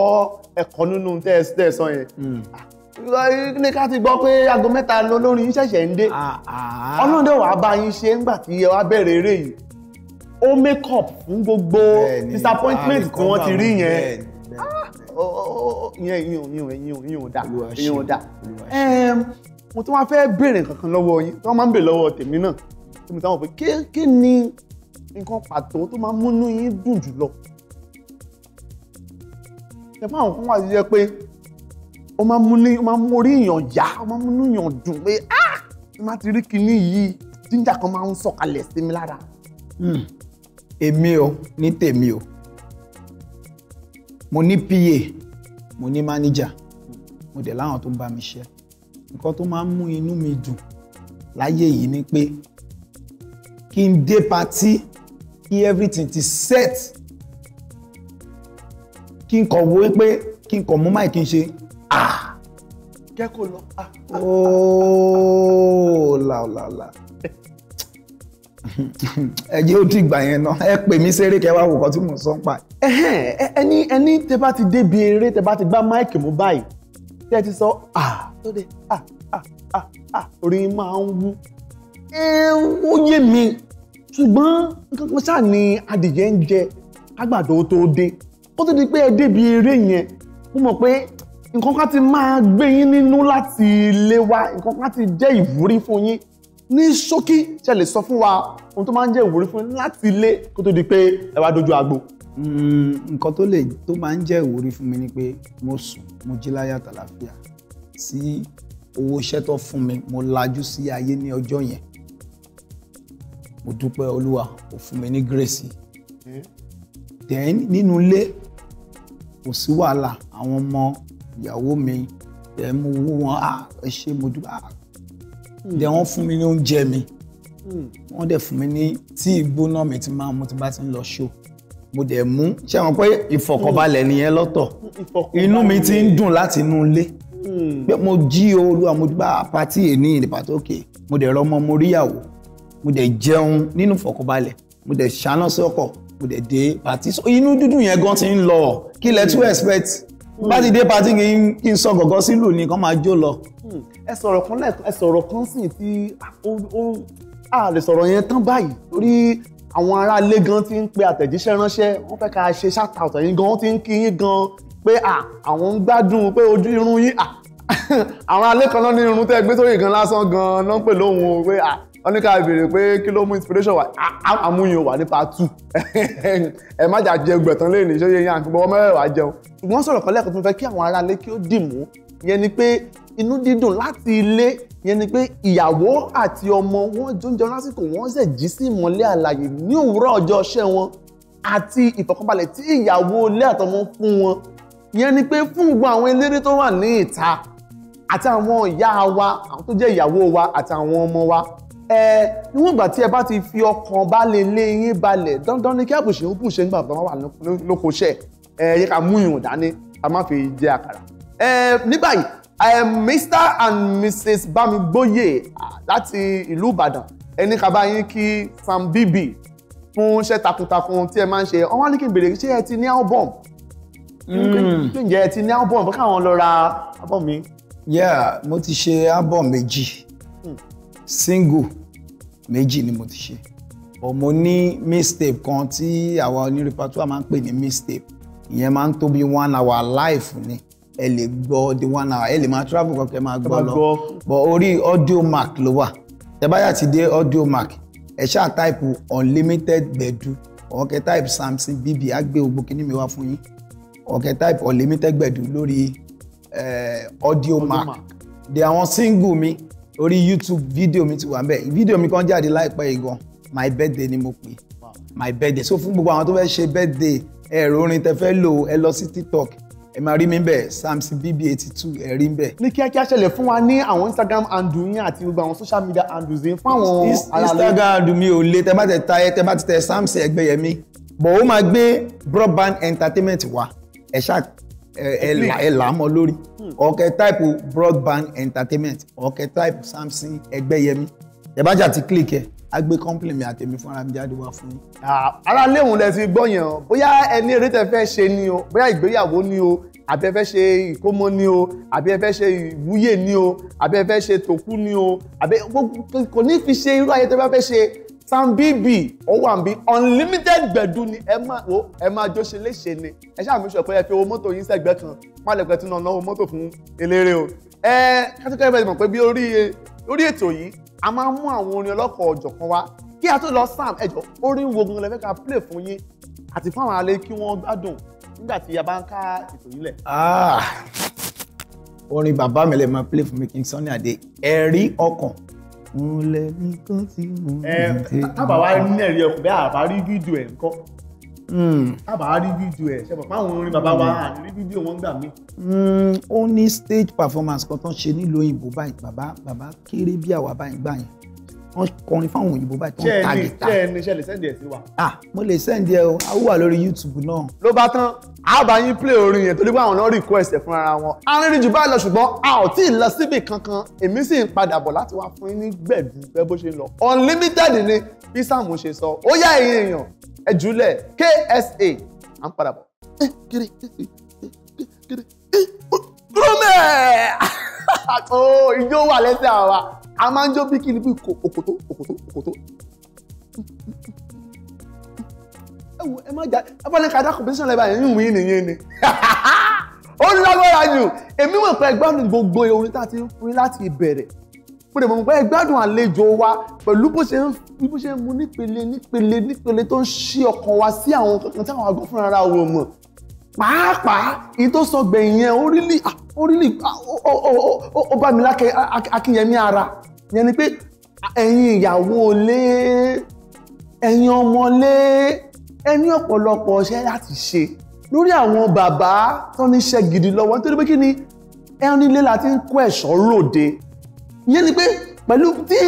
ẹ̀kọ́ nínú tẹ́ ẹ sọ yẹn hmm. ah, ní ká ti gbọ́ pé aago mẹ́ta lolórin yín ṣẹ̀ṣẹ̀ ń dé ọlọ́run dẹ̀ wàá bá yín ṣe ńgbà tí ẹ wá bẹ̀rẹ̀ eré yìí ó make up fún gbogbo disappointment tí wọ́n ti rí yẹn ìyẹn ìyẹn ìyẹn ìyẹn ìyẹn ò dà ìyẹn ò dà mo tún wá fẹ́ béèrè kankan lọ́wọ́ yín tí wọ́n máa ń béèrè lọ́wọ́ tèmi náà tí mo táwọn pé kí ni nǹkan pàtó tó máa ń múnú yín dùn jùlọ. ṣe fún àwọn kan wà yẹ pé ó máa ń mú ní ó máa ń mú orí èèyàn yá ó máa ń èèyàn dùn pé ah ẹ má ti rí kinní yìí jíjà kan máa ń sọ̀kalẹ̀ sí mi lára. Hmm. èmi o ní tèmi o mo ní pa mo ní mánéjà mo dẹ̀ láwọn tó ń bá mi ṣe nǹkan tó máa ń mú inú mi dùn láyé yìí ni pé kí n dé patí kí everything ti set kí n kàn wo pé kí n kàn mú máì kí n ṣe jẹ́ kó lọ. Ah, ah, ah. ooo làlàlà ẹ̀jẹ̀ ó ti gbà yẹn náà ẹ pè mí ṣeré kẹ́ wá wò kọ́ tí mò ń sọ ń pa. ẹni ẹni tẹ bá ti débi eré tẹ bá ti gbá máìkì mú báyìí tẹ ti sọ ah lóde ah ah ah ah orí máa ń wú. ẹ ó yé mi ṣùgbọ́n nǹkan kan ṣáà ni adìyẹ ń jẹ kágbàdo tó dé kó tó di pé ẹ débi eré yẹn mo mọ̀ pé nǹkan kan ti máa gbé yín nínú láti ilé wa nǹkan kan ti jẹ́ ìwúrí fún yín ní ṣókí ṣe lè sọ fún wa ohun tó máa ń jẹ́ ìwúrí fún yín láti ilé kó tó di pé ẹ wá dojú agbo. Hmm, nǹkan tó lè tó máa ń jẹ́ ìwúrí fún mi ni pé mo sùn mo jí láyà tàlàfíà sí owó iṣẹ́ tó fún mi mo lajú sí ayé ní ọjọ́ yẹn mo dúpẹ́ olúwa ó fún mi ní gírèsì hmm. then nínú ilé kò sí wàhálà àwọn ọmọ ìyàwó mi ẹ mú owó wọn à ẹ ṣe mo dúpẹ́ à dẹ hmm. wọ́n fún mi ní oúnjẹ mi hmm. wọ́n dẹ̀ fún mi ní tíì gbóná mi ti máa mú tí bá ti ń lọ ṣó mo dẹ̀ mú ṣé àwọn pé ìfọ̀kànbalẹ̀ nìyẹn lọ́tọ̀ hmm. inú mi ti ń dùn láti inú ilé pé mo jí olúwa mo dúpẹ́ àpáti èní ìdìbàtòkè mo dẹ̀ rọmọ mo ríyàwó mo dẹ̀ jẹun nínú ìfọ̀kànbalẹ̀ mo dẹ̀ ṣáná sọ́kọ̀ mo dẹ̀ dé pàtí inú dídùn yẹn gan ti ń lọ kí lẹ tún expect bá ti dé patí kí n sọ gọ̀gọ́ sílùú ni kàn máa jó lọ. Hmm. ẹ sọ̀rọ̀ kan lẹ́ẹ̀kan ẹ sọ̀rọ̀ kan sì tí a lè sọ̀rọ̀ yẹn tán báyìí torí àwọn ará ilé gan ti ń pe àtẹ̀jíṣẹ́ ránṣẹ́ wọ́n fẹ́ ká ṣe ṣàtàtọ̀ yín gan wọ́n ti ń kí yín gan pé àwọn ń gbádùn pé ojú irun yín [laughs] àwọn alẹ́ kan náà ní irun tẹ́ gbé sórí gan lásán gan náà pè lóhùn pé wọ́n ní ká béèrè pé kí ló mú inspiration wá àmúyàn wà ní part two [laughs] ẹ má jà jẹ gbẹ̀tán lẹ́nu iṣẹ́ yẹn àti bọ́wọ́ mẹ́rẹ̀ẹ̀wá jẹun. wọ́n sọ̀rọ̀ kan lẹ́kọ̀ọ́ tó fẹ́ kí àwọn aráalé kí ó dì mú yẹn ni pé inú dídùn láti ilé yẹn ni pé ìyàwó àti ọmọ wọn jóúnjẹ lásìkò wọn sì jí sí ìmọ́lẹ̀ àlàyé ní òwúrọ̀ ọjọ́ iṣẹ́ wọn àti ìfọ̀kànbalẹ̀ tí ìyàwó ilé àtọmọ fún wọn yẹn ni pé fún gbogbo àwọn eléré tó wà ní ìta àti àwọn ìyá wa àwọn tó jẹ́ ìyàwó wa àti àwọn ọmọ wa níwọ̀n ìgbà tí ẹ bá ti fi ọkàn balẹ̀ lé yín balẹ̀ dandan ni kí àbùṣe ń bùṣe nígbà tó wà lóko iṣẹ́ ẹ yẹ ká mú ìwọ̀n dání ká má fi jẹ àkàrà. ní báyìí Mr and Mrs Bámigbóyè láti ìlú Ìbàdàn ẹni ká bá yín kí Sam Bibi fún iṣẹ́ takuntakun tí ẹ máa ń ṣe ọmọ ní kí n bèrè ṣé ẹ ti ní album ǹjẹ́ hmm. ẹ ti ní album bó káwọn lọ ra album mi. yeah mo ti ṣe album méjì hmm. single méjì ni mo ti ṣe but mo ní mixtape kan tí àwa onírepertoire máa ń pè ní mixtape ìyẹn máa ń tó one hour live ni ẹ lè gbọ́ the one hour ẹ lè máa travel kankan ẹ máa gbọ́ lọ but orí audio mark ló wà tẹ báyà ti dé audio mark ẹ ṣáà táìpù unlimited gbẹ̀du ọ̀kẹ́ táìpù samson bb àgbé gbogbo kíní mi wá fún yín ọ̀kẹ́ táìpù unlimited gbẹ̀du lórí eh, audio mark de àwọn single mi orí YouTube fídíò mi ti wà ńbẹ̀ fídíò mi kan jáde láìpẹ́ yìí gan my birthday ni mo pè my birthday so fún gbogbo àwọn tó fẹ́ ṣe birthday ẹ̀rọ orin tẹ fẹ́ lò ẹ lọ sí TikTok ẹ máa rí mi bẹ́ẹ̀ samson bb 82 two ẹ rí bẹ́ẹ̀. ní kíákíá ṣẹlẹ̀ fún wa ní àwọn instagram handle yín àti gbogbo àwọn social media handles yín fún àwọn alalẹ́. instagram handle mi ò le tẹ bá tẹ ta ẹ tẹ bá tẹ samson ẹgbẹyẹmí bọ̀ ó máa gbé broadband entertainment wa ẹ ṣáà ẹ là mọ́ lórí archetype hmm. broadband entertainment archetype samson ẹgbẹ́yẹmí ìbájà ti click ẹ a gbé compliment àtẹ̀mí fúnra mi jáde wá fún yín. ara léwu lẹ fi gbọ́ yẹn o bóyá ẹni eré tẹ fẹ́ ṣe ni o bóyá ìgbéyàwó ni o àbí ẹ fẹ́ ṣe ìkómọ ni o àbí ẹ fẹ́ ṣe ìwúyè ni o àbí ẹ fẹ́ ṣe tòkú ni o àbí kò ní fi ṣe irú ayé tó bá fẹ́ ṣe Sam Bibi ó wà unlimited gbẹ̀du ni ẹ máa wo ẹ máa jó ṣe léṣe ni ẹ ṣáà mi sọ pé ẹ fi owó mọ́tò yín sẹ́gbẹ́ kan má lè pẹ́ tún náà náwó mọ́tò fún eléré o ẹ kátìkọ́ ẹ bẹ̀rẹ̀ mọ̀ pé bí lórí ètò yìí a máa mú àwọn orin ọlọ́kọ̀ ọ̀jọ̀ kan wá kí a tó lọ Sam ẹ jọ̀ọ́ orin wo gan-an lẹ fẹ́ ká play fún yín àti fún àwọn alẹ́ kí wọ́n gbádùn nígbà tí a bá ń ká ètò yìí lẹ̀. Ah! orin bàbá mi lè máa play fún mi King Sunny Adé ẹ̀rí ọkàn mo lẹ ní kan tí mo ń tẹ. tábà wá ní ẹ̀rí ẹkùn bẹ́ẹ̀ àbá rí fídíò ẹ̀ ńkọ́. tábà hmm. wá rí fídíò ẹ̀ ṣe pàpà àwọn orin bàbá wa àti hmm. fídíò wọn gbà mí. Hmm, ó ní stage performance kan tó ń ṣe nílùú òyìnbó báyìí bàbá bàbá kéré bí àwa báyìí gbà yẹn wọ́n kọrin fáwọn òyìnbó báyìí tó ń ta gìtá. ṣé ẹni ṣe lè sẹ́ndì ẹ̀ sí wa. ah mo lè sẹ́ndì ẹ o a ó wà lórí YouTube náà. ló bá tán a bá yín play orin yẹn torí pé àwọn náà request ẹ̀ fún ara wọn arìnrìn jù báyìí lọ ṣùgbọ́n a ò tí ì lọ síbì kankan èmi sì ń padà bọ̀ láti wá fún yín ní gbẹ̀dú bẹ́ẹ̀ bó ṣe ń lọ unlimited ni bí Sàámú ṣe sọ ó yá ẹ̀yin èèyàn ẹ jùlẹ̀ KSA à ń padà bọ̀. rúmẹ̀ àtò ìjó wà lẹ́sẹ̀ àwa a máa ń jó bí kí ni bí òkòtó òkòtó òkòtó ẹ wò ẹ má jà ẹ bá ní ká dá competition lẹ́bàá yẹn ń win nìyẹn ni [laughs] ó lágbára jù èmi mọ̀ pé gbádùn gbogbo orin tá a ti ń fún yín láti ìbẹ̀rẹ̀ mo dẹ̀ mọ̀ pé gbádùn àlejò wa pẹ̀lú bó ṣe ń bó ṣe ń mu nípele nípele nípele tó ń ṣí ọkàn wa sí àwọn kankan táwọn àgọ́ fúnra ra wò mọ̀ pàápàá èyí tó sọ gbẹ̀yìn yẹn orílì orílì ó bá mi lákẹ́ akínyẹmí ara yẹn ni pé ẹ̀yin ìyàwó lé ẹ̀yin ọmọ lé ẹ ní ọ̀pọ̀lọpọ̀ iṣẹ́ láti ṣe lórí àwọn bàbá tó níṣẹ́ gidi lọ́wọ́ nítorí pé kí ni ẹran ilé la ti ń kó ẹ̀ṣọ́ ròde ìyẹn ni pé pẹ̀lú tí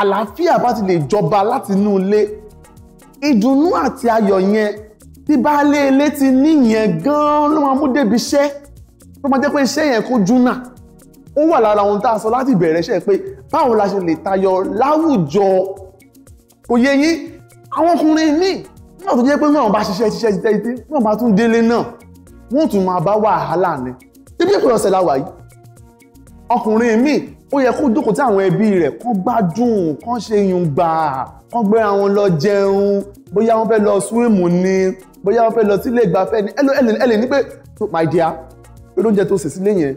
àlàáfíà bá ti lè jọba láti inú ilé ìdùnnú àti ayọ̀ yẹn tí baálé ilé ti níyẹn gan-an ló máa mú débi iṣẹ́ tó máa jẹ́ pé iṣẹ́ yẹn kó júnà ó wà lára ohun tá a sọ láti bẹ̀rẹ̀ iṣẹ́ pé báwo la ṣe lè tayọ láwùjọ kò yẹ yín àwọn ọkùnrin míì náà tó jẹ́ pé wọ́n bá ṣiṣẹ́ ṣiṣẹ́ ṣiṣẹ́ ṣiṣẹ́ wọ́n bá tún délé náà wọ́n tún máa bá wàhálà ni ibi ìpè ọ̀sẹ̀ la wà yìí ọkùnrin mi ó yẹ kó jókòó tí àwọn ẹbí rẹ̀ kán gbádùn kán ṣe yùn gbà kán gbéra wọn lọ jẹun bóyá wọ́n fẹ́ lọ súwìmù ni bóyá wọ́n fẹ́ lọ sílé ìgbafẹ́ ni ẹ lè ní pé my dear pé lóúnjẹ tó sè sílé yẹn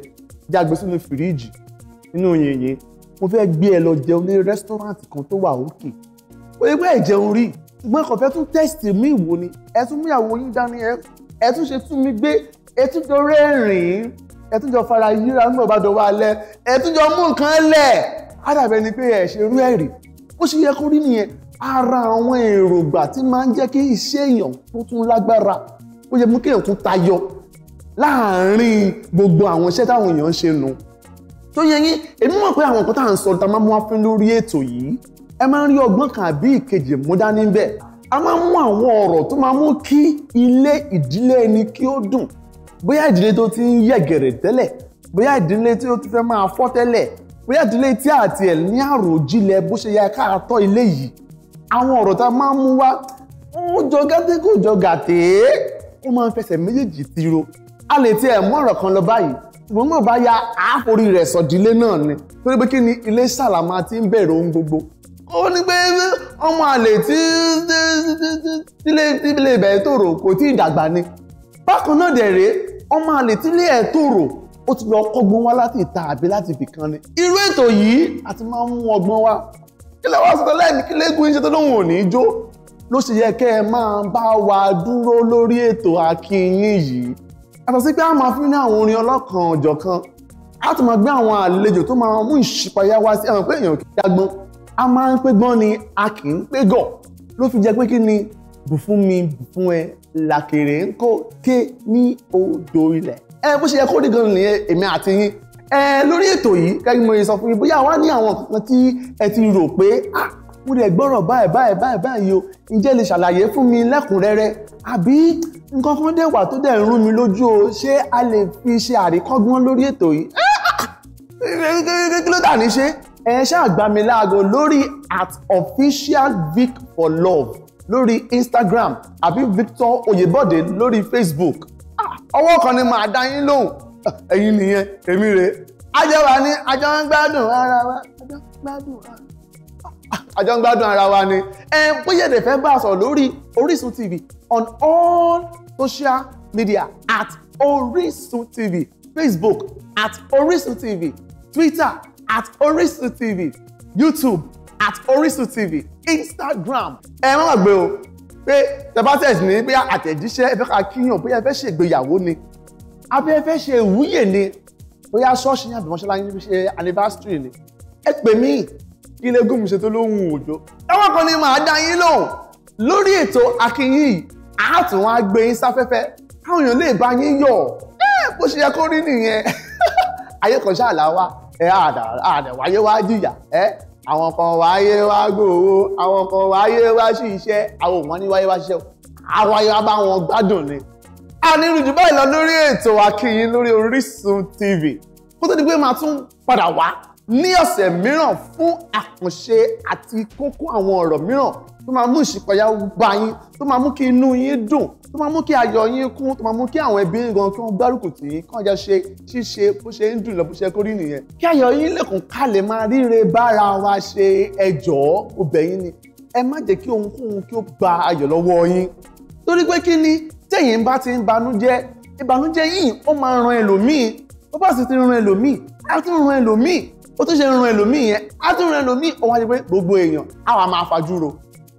jẹ́ àgbẹ̀ sínú fìríìjì nínú yìnyín mo fẹ́ gbé ẹ lọ jẹun ní rẹ́sítọ́rántì kan tó wà òkè ó yẹ pé ẹ jẹun rí gbọ́n kò fẹ́ tún tẹ́sítì mí ìwò ni ẹ tún mú ìyàwó yín dání ẹ tún ṣe tún mi gbé ẹ tún jọ rẹ́rìn-ín ẹ tún jọ fara yíra nígbà bá dọwọ́ alẹ́ ẹ tún jọ mú nǹkan lẹ̀ á dàbẹ̀ ni pé ẹ ṣe rú ẹ̀rí ó ṣe yẹ kó rí nìyẹn ara àwọn èròǹgbà tí máa ń jẹ́ kí iṣẹ́ èèyàn tó tún lágbára ó yẹ mú kí èèyàn tún tayọ láàárín gbogbo àwọn iṣẹ́ táwọn èèyàn ń ṣe nù tó yẹ yín èmi mọ̀ pé àwọn nǹkan tá à ń sọ tá a máa mú wá fún lórí ètò yìí ẹ máa ń rí ọgbọ́n kan àbí ìkejì mú dání bẹ́ẹ̀ a máa ń mú àwọn ọ̀rọ̀ tó máa mú kí ilé ìdílé ẹni kí ó dùn bóyá ìdílé tó ti ń yẹ̀gẹ̀rẹ̀ tẹ́lẹ̀ bóyá ìdílé tí ó ti fẹ́ máa fọ́ tẹ́lẹ̀ bóyá ìdílé tí àti ẹ̀ ní àròjinlẹ̀ bó ṣe yẹ ká tọ́ ilé yìí àwọn ọ̀rọ̀ tá a máa ń mú wá ń jọ gàtẹ́ kò jọ gàtẹ́ ó máa ń fẹsẹ̀ méjèèjì tiro a lè tiẹ̀ mú ọ̀rọ̀ kan lọ báyìí ṣùgbọ́n mọ̀ bá ya àáforí rẹ̀ sọ̀dílé náà ni torí pé kí ni ilé sàlámà ti ń bẹ̀rẹ̀ ohun gbogbo ó ní pé ọmọ àlè tí tílé ibẹ̀ tòrò kò tí ì dàgbà ni bákan náà dẹ̀ rèé ọmọ àlè tílé ẹ̀ tòrò ó ti lọ kọ́gbọ́n wá láti ìta àbí láti ibì kan ni irú ètò yìí àti máa ń mú ọgbọ́n wá kí lè wá sọ̀tọ̀ lẹ́yìn kí léegun iṣẹ́ tó lóun ò ní í jó ló ṣe yẹ kẹ́ ẹ máa bá wa dúró lórí ètò akínyìn yìí àtọ̀ sí pé a máa fi ní àwọn orin ọlọ́kan ọ̀jọ̀kan a tún máa gbé àwọn àlejò tó máa mú ìṣípayá wá sí àwọn pé èèyàn kí á gbọ́n a máa ń pé gbọ́n ni a kì í pé gọ̀ ló fi jẹ́ pé kí ni bù fún mi bù fún ẹ làkèrè ń kó ké ní odò ilẹ̀ ẹ bó ṣe yẹ kó rí gan nìyẹn èmi àti yín ẹ lórí ètò yìí kẹ́kí mo yẹ sọ fún yín bóyá wá ní àwọn kankan tí ẹ ti rò pé ah mo lè gbọ́rọ̀ báyìí báyìí báyìí báyìí o ǹjẹ́ lè ṣàlàyé fún mi lẹ́kùnrẹ́rẹ́ àbí nǹkan kan dẹ̀ wà tó dẹ̀ ń rún mi lójú o ṣé a lè fi ṣe àríkọ́gbọ́n lórí ètò yìí ah, ah, ah. kí ló dà ní ṣe ẹ ṣáà gbà lórí at official vic for love lórí instagram àbí victor oyèbọ̀dé lórí facebook ah, ọwọ́ kan ni màá dá yín lóhùn [laughs] ẹ̀yin nìyẹn èmi rè ajọ wa ni ajọ ń gbádùn ara wa ajọ ń gbádùn ara ah, ajọ ń gbádùn ara wa ni ẹ bóyá èdè fẹ́ bá a sọ̀rọ̀ lórí Orísun TV on all social media at Orísun TV facebook at Orísun TV twitter at Orisun TV YouTube at Orisun TV Instagram ẹ má gbàgbé o pé tẹbátẹs ní bóyá àtẹ̀jíṣẹ́ ẹ fẹ́ ká kíyàn bóyá ẹ fẹ́ ṣe ìgbéyàwó ni abẹ́ ẹ fẹ́ ṣe ìwúyè ni bóyá ṣọ́ọ̀ṣì ní àbẹ̀mọ́ṣáláyé níbi ṣe anniversary ni ẹ pè mí kí ilé gómìnà ṣe tó lóhùn òjò ẹwọ́n kan ni màá dá yín lóhùn lórí ètò AkiiYin àátùn á gbé yín sáfẹ́fẹ́ káwọn èèyàn lè bá yín yọ̀ ẹ bó ṣe yẹ kó rí nìyẹn [laughs] ayé kan ṣáà là wá ẹ àdà àdà wáyé wá jìyà ẹ àwọn kan wáyé wá gbòòwò àwọn kan wáyé wá sí iṣẹ́ àwọn òun wọn ní wáyé wá ṣiṣẹ́ àrò ayé wá bá wọn gbádùn ni. a ní rújú báyìí lọ lórí ètò Àkíìyín lórí Orísun TV kó tó di pé màá tún padà wá ní ọ̀sẹ̀ mìíràn fún àkànṣe àti kókó àwọn ọ̀rọ̀ mìíràn tó máa mú ìṣípayá bá yín tó máa mú kí inú yín dùn tó máa mú kí ayọ̀ yín kún tó máa mú kí àwọn ẹbí gan kí wọ́n gbárùkù tì yín kí wọ́n jọ ṣe ṣíṣe bó ṣe ń dùn lọ bó ṣe kó rí nìyẹn kí ayọ̀ yín lẹ́kùn ká lè máa ríre bára wa ṣe ẹjọ́ obẹ̀yìn ni ẹ má jẹ́ kí ohunkóhun kí ó gba ayọ̀ lọ́wọ́ yín torí pé kí ni téèyàn bá ti ń banújẹ́ ìbànújẹ́ yìí ó máa ran ẹlòmíì bó bá sì ti ran ẹlòmíì á tún ran ẹlòmíì ó tún ṣe ń ran ẹlòmíì yẹn á tún ran ẹlòmíì ó wá ṣe pé gbogbo èèyàn àwọn máa fajúro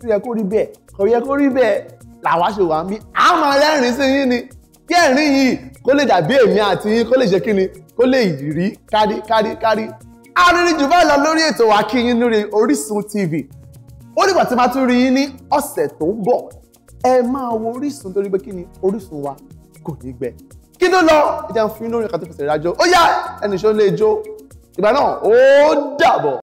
kò yẹ kó rí bẹ́ẹ̀ kò yẹ kó rí bẹ́ẹ̀ làwa ṣe wà ń bí á máa rẹ́rìn sí yín ni kí ẹ̀rín yìí kó lè dàbí èmi àti yín kó lè ṣe kí ni kó lè rí kárí kárí kárí arìnrìn jù báyìí lọ lórí ètò wa kí yín lórí Orísun TV ó dìgbà tí máa tún rí yín ní ọ̀sẹ̀ tó ń bọ̀ ẹ máa wo Orísun torí pé kí ni Orísun wa kò ní gbẹ kí ló lọ ìjà ń fi lórí ìkàtúntò ìrìnàjò ó yá ẹnìṣó lè jó ìgbà náà ó dàbọ̀.